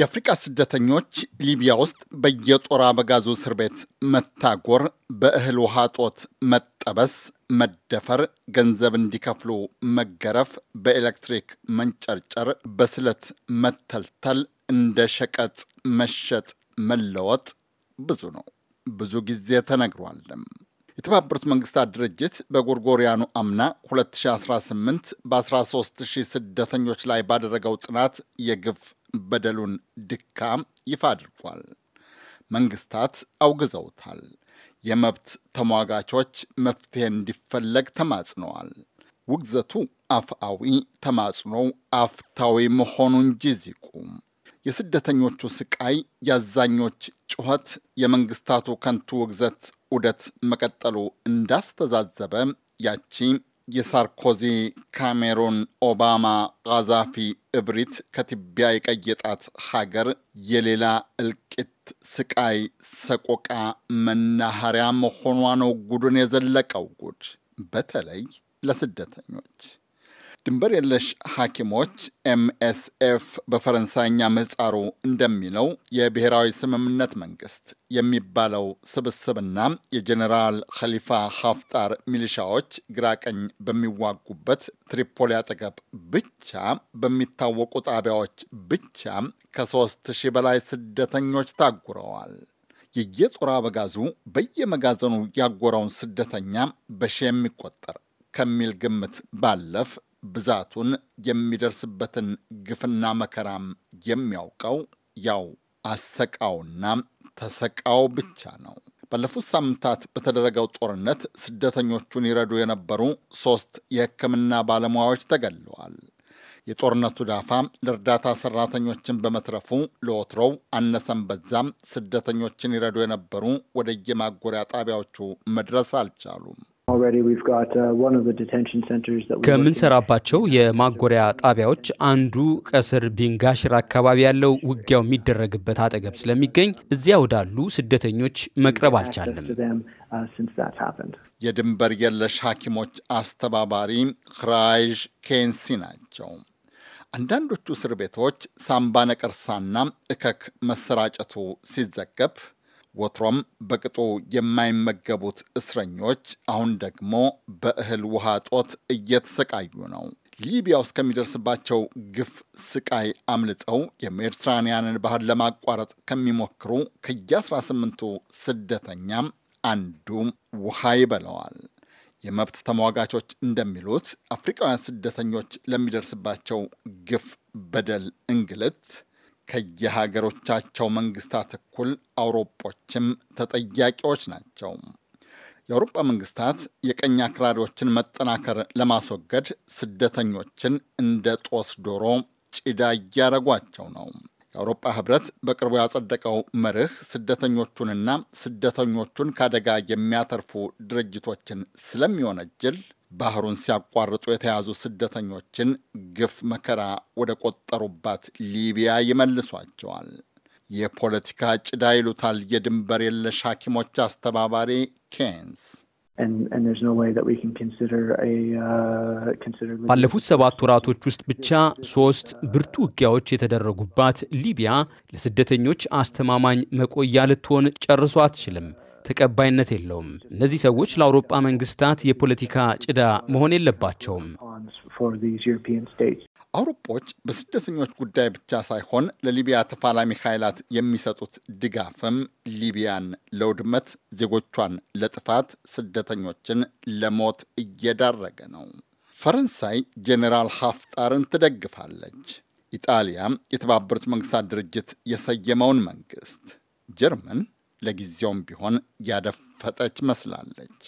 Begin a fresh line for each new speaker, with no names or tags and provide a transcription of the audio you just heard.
የአፍሪቃ ስደተኞች ሊቢያ ውስጥ በየጦር አበጋዙ እስር ቤት መታጎር፣ በእህል ውሃ ጦት መጠበስ፣ መደፈር፣ ገንዘብ እንዲከፍሉ መገረፍ፣ በኤሌክትሪክ መንጨርጨር፣ በስለት መተልተል፣ እንደ ሸቀጥ መሸጥ መለወጥ ብዙ ነው። ብዙ ጊዜ ተነግሯልም። የተባበሩት መንግስታት ድርጅት በጎርጎሪያኑ አምና 2018 በ13000 ስደተኞች ላይ ባደረገው ጥናት የግፍ በደሉን ድካም ይፋ አድርጓል። መንግስታት አውግዘውታል። የመብት ተሟጋቾች መፍትሄ እንዲፈለግ ተማጽነዋል። ውግዘቱ አፍአዊ ተማጽኖው አፍታዊ መሆኑ እንጂ ዚቁ የስደተኞቹ ስቃይ፣ የአዛኞች ጩኸት፣ የመንግስታቱ ከንቱ ውግዘት ውደት መቀጠሉ እንዳስተዛዘበ ያቺ የሳርኮዚ ካሜሩን ኦባማ ቃዛፊ እብሪት ከትቢያ የቀየጣት ሀገር የሌላ እልቂት፣ ስቃይ፣ ሰቆቃ መናኸሪያ መሆኗ ነው ጉዱን የዘለቀው ጉድ በተለይ ለስደተኞች። ድንበር የለሽ ሐኪሞች ኤምኤስኤፍ በፈረንሳይኛ ምህጻሩ እንደሚለው የብሔራዊ ስምምነት መንግስት የሚባለው ስብስብና የጀኔራል ኸሊፋ ሀፍጣር ሚሊሻዎች ግራቀኝ በሚዋጉበት ትሪፖሊ አጠገብ ብቻ በሚታወቁ ጣቢያዎች ብቻ ከሦስት ሺህ በላይ ስደተኞች ታጉረዋል። የየጦር አበጋዙ በየመጋዘኑ ያጎረውን ስደተኛ በሺ የሚቆጠር ከሚል ግምት ባለፍ ብዛቱን የሚደርስበትን ግፍና መከራም የሚያውቀው ያው አሰቃውና ተሰቃው ብቻ ነው። ባለፉት ሳምንታት በተደረገው ጦርነት ስደተኞቹን ይረዱ የነበሩ ሦስት የሕክምና ባለሙያዎች ተገለዋል። የጦርነቱ ዳፋ ለእርዳታ ሰራተኞችን በመትረፉ ለወትሮው አነሰም በዛም ስደተኞችን ይረዱ የነበሩ ወደየማጎሪያ ጣቢያዎቹ መድረስ አልቻሉም።
Uh, ከምንሰራባቸው የማጎሪያ ጣቢያዎች አንዱ ቀስር ቢንጋሽር አካባቢ ያለው ውጊያው የሚደረግበት አጠገብ ስለሚገኝ እዚያ ወዳሉ ስደተኞች መቅረብ አልቻለም።
የድንበር የለሽ ሐኪሞች አስተባባሪ ክራይዥ ኬንሲ ናቸው። አንዳንዶቹ እስር ቤቶች ሳምባ ነቀርሳና እከክ መሰራጨቱ ሲዘገብ ወትሮም በቅጡ የማይመገቡት እስረኞች አሁን ደግሞ በእህል ውሃ ጦት እየተሰቃዩ ነው። ሊቢያ ውስጥ ከሚደርስባቸው ግፍ ስቃይ አምልጠው የሜዲትራንያንን ባህር ለማቋረጥ ከሚሞክሩ ከየ18ቱ ስደተኛም አንዱም ውሃ ይበለዋል። የመብት ተሟጋቾች እንደሚሉት አፍሪካውያን ስደተኞች ለሚደርስባቸው ግፍ፣ በደል፣ እንግልት ከየሀገሮቻቸው መንግስታት እኩል አውሮጶችም ተጠያቂዎች ናቸው። የአውሮፓ መንግስታት የቀኝ አክራሪዎችን መጠናከር ለማስወገድ ስደተኞችን እንደ ጦስ ዶሮ ጭዳ እያደረጓቸው ነው። የአውሮፓ ህብረት በቅርቡ ያጸደቀው መርህ ስደተኞቹንና ስደተኞቹን ከአደጋ የሚያተርፉ ድርጅቶችን ስለሚወነጅል ባህሩን ሲያቋርጡ የተያዙ ስደተኞችን ግፍ መከራ ወደ ቆጠሩባት ሊቢያ ይመልሷቸዋል። የፖለቲካ ጭዳ ይሉታል የድንበር የለሽ ሐኪሞች አስተባባሪ ኬንስ።
uh, ባለፉት ሰባት ወራቶች ውስጥ ብቻ ሶስት ብርቱ ውጊያዎች የተደረጉባት ሊቢያ ለስደተኞች አስተማማኝ መቆያ ልትሆን ጨርሶ አትችልም። ተቀባይነት የለውም። እነዚህ ሰዎች ለአውሮፓ መንግስታት የፖለቲካ ጭዳ መሆን የለባቸውም።
አውሮፖች በስደተኞች ጉዳይ ብቻ ሳይሆን ለሊቢያ ተፋላሚ ኃይላት የሚሰጡት ድጋፍም ሊቢያን ለውድመት፣ ዜጎቿን ለጥፋት፣ ስደተኞችን ለሞት እየዳረገ ነው። ፈረንሳይ ጄኔራል ሀፍጣርን ትደግፋለች። ኢጣሊያ የተባበሩት መንግስታት ድርጅት የሰየመውን መንግስት፣ ጀርመን ለጊዜውም ቢሆን ያደፈጠች መስላለች።